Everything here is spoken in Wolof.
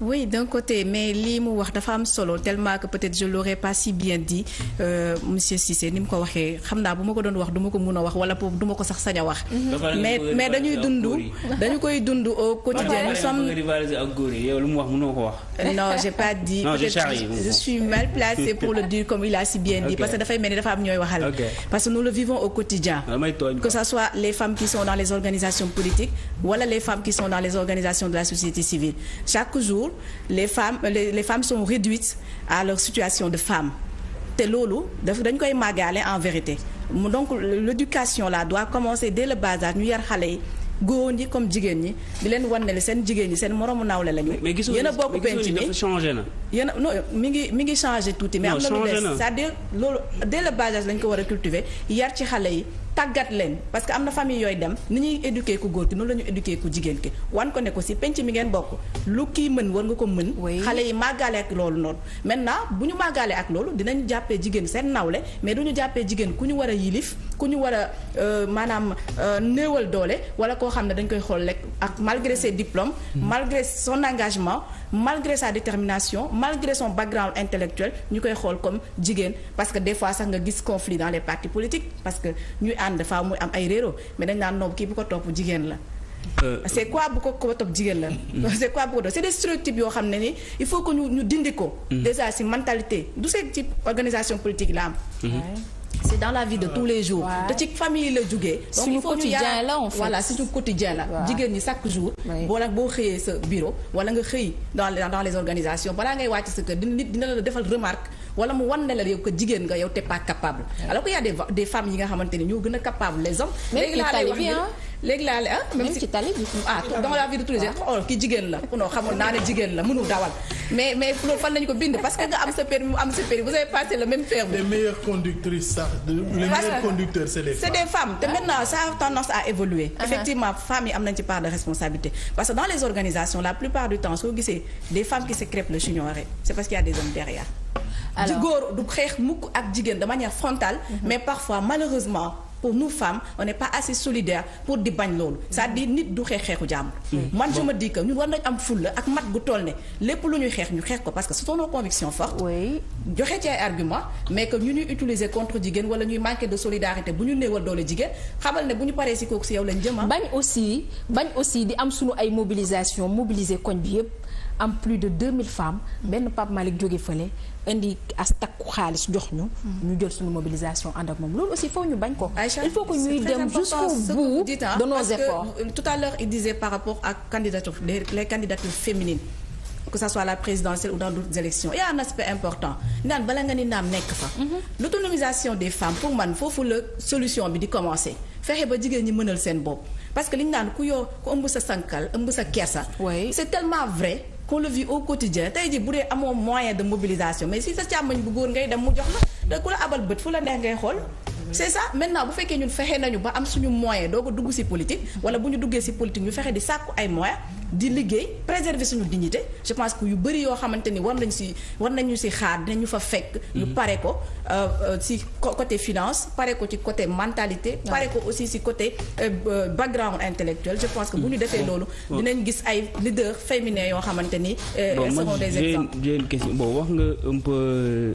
oui d'un côté mais lii mu wax dafa am solo tellement que peut-être je l'aurais pas si bien dit euh, monsieur Cissé ni mu ko waxee xam naa bu ma ko doon wax du ma ko mun a wax wala pour du ma ko sax sañ a wax. mais mais dañuy dund dañu koy dund au quotidien nous sommes yow lu mu wax munoo ko non j'ai pas dit. non je suis mal placée pour le dire comme il a si bien dit. parce dafay mel dafa am ñooy waxal. parce que nous le au quotidien. Ah, que ça soit les femmes qui sont dans les organisations jours les femmes les, les son sont réduites à leur situation de femme te loolu daf dañ koy màggaale en vérité donc l'éducation là doit commencer dès le bas âge ñu yar xale yi góor ñi comme jigéen ñi di leen wan ne seen jigéen ñi seen moroomu nawle lañu. mais gisoo yéen a bokk penc mi changé na. yéen a mi ngi mi ngi changé tuuti. mais am na lu des c'est-à-dire loolu dès le bas lañ ko war a cultiver yar ci xale yi. tàggat leen parce que am na famille yooyu dem ni ñuy éduquer ku góor ki noonu la ñu éduquer ku jigéen ki wan ko ne ko si penc mi ngeen bokk lu kii mën war nga ko mën xale yi màggaale ak loolu noonu maintenant bu ñu màggaalee ak loolu dinañ jàppee jigéen seen nawle mais du ñu jàppee jigéen ku ñu war a yilif ku ñu war a euh, maanaam euh, néewal doole wala koo xam ne dañ koy xool lekk ak malgré ses diplômes hmm. malgré son engagement malgré sa détermination malgré son background intellectuel ñu koy xool comme jigéen parce que des fois sax nga gis conflit dans les partis ànd dafa muy am ay réero mais dañ naan noom kii bu ko topp jigéen la euh, c'est quoi bu ko topp jigéen la euh. c'est quoi bu ko topp c'est des stéréotypes yoo xam ne ni il faut que ñu ñu dindi ko mmh. déjà ci mentalité du see ci organisation politique la am mmh. c'est dans la vie de tous les jours te ci famille la jógee suñu quotidien la la jigéen ñi chaque jour boo nag boo xëyee sa bureau wala nga xëy dans dans les organisations balaa ngay wàcc sa kër dina nit dina la defal remarque wala mu wan ne la yow ko jigéen nga yow t'es capable alors que y des femmes yi nga xamante ni ñoo gën a capable les léegi laa lay wax léegi laa ci tali bi ah dans la vie de tous les ah. jours oh kii jigéen la non xamul naa ne jigéen la mënul dawal mais mais loolu fan lañu ko bind parce que nga am sa permis mu am sa permis vous avez passé le même permis c'est des femmes te maintenant ça a tendance à évoluer ah. effectivement femmes yi am nañ ci part de responsabilité parce la plupart alors góor du xeex mukk ak jigéen de manière frontale. Mhm. mais parfois malheureusement. pour nous femmes on n'est pas assez solidaires pour di bañ loolu mhm. sa à nit du xeex xeexu jàmbur mhm. man je me dis que ñun nañ am fulla ak mat gu toll ne lépp lu ñuy xeex ñu xeex ko parce que ce sont nos convictions fortes joxe ci ay argument mais ñu ñuy utiliser contre jigéen wala ñuy manquer de solidarité bu ñu néewal doole jigéen xamal ne bu ñu paree si kooku si yow lañ jëm ah. bañ aussi bañ aussi di am suñu ay mobilisation mobiliser koñ bi yëpp am plus de 2000 femmes benn Pape Malick jóge fële indi as takku xaalis jox ñu. Mm. ñu jël suñu mobilisation ànd ak moom loolu aussi foofu ñu bañ ko. il faut que ñuy dem jusqu'au bout de nos parce que euh, tout à l'heure il disait par rapport ak candidature les les candidatures que ça soit la présidentielle ou dans d'autres élections il y a un important naan bala nga ni naam nekk fa mm-hmm. l'autonomisation des femmes pour man foofu la solution bi di commencer fexe ba jigéen ñi mënal seen bopp parce que li ñu naan ku yoo sa sankal ëmb sa kersa c'est tellement vrai qu'on le vit au quotidien tey ji bu dee amoo moyen de mobilisation mais si sa càmmañ bu góor ngay dem mu jox la da ku la abal bët fu la neex ngay xool c'est ça maintenant bu fekkee ñun fexe nañu ba am suñu moyen doo ko dugg ci politique wala bu ñu duggee ci politique ñu fexe di sàkku ay moyens di liggéey préserver suñu dignité je pense que yu bëri yoo xamante ni war nañ ci war nañu ci xaar dinañu fa fekk ñu mm-hmm. pare ko euh, euh, ci côté finance pare ko ci côté mentalité pare ko aussi ci côté euh, background intellectuel je pense que bu ñu defee mm-hmm. loolu dinañ gis ay leaders féminin yoo xamante ni selon des exemples j'ai question bon wax nga un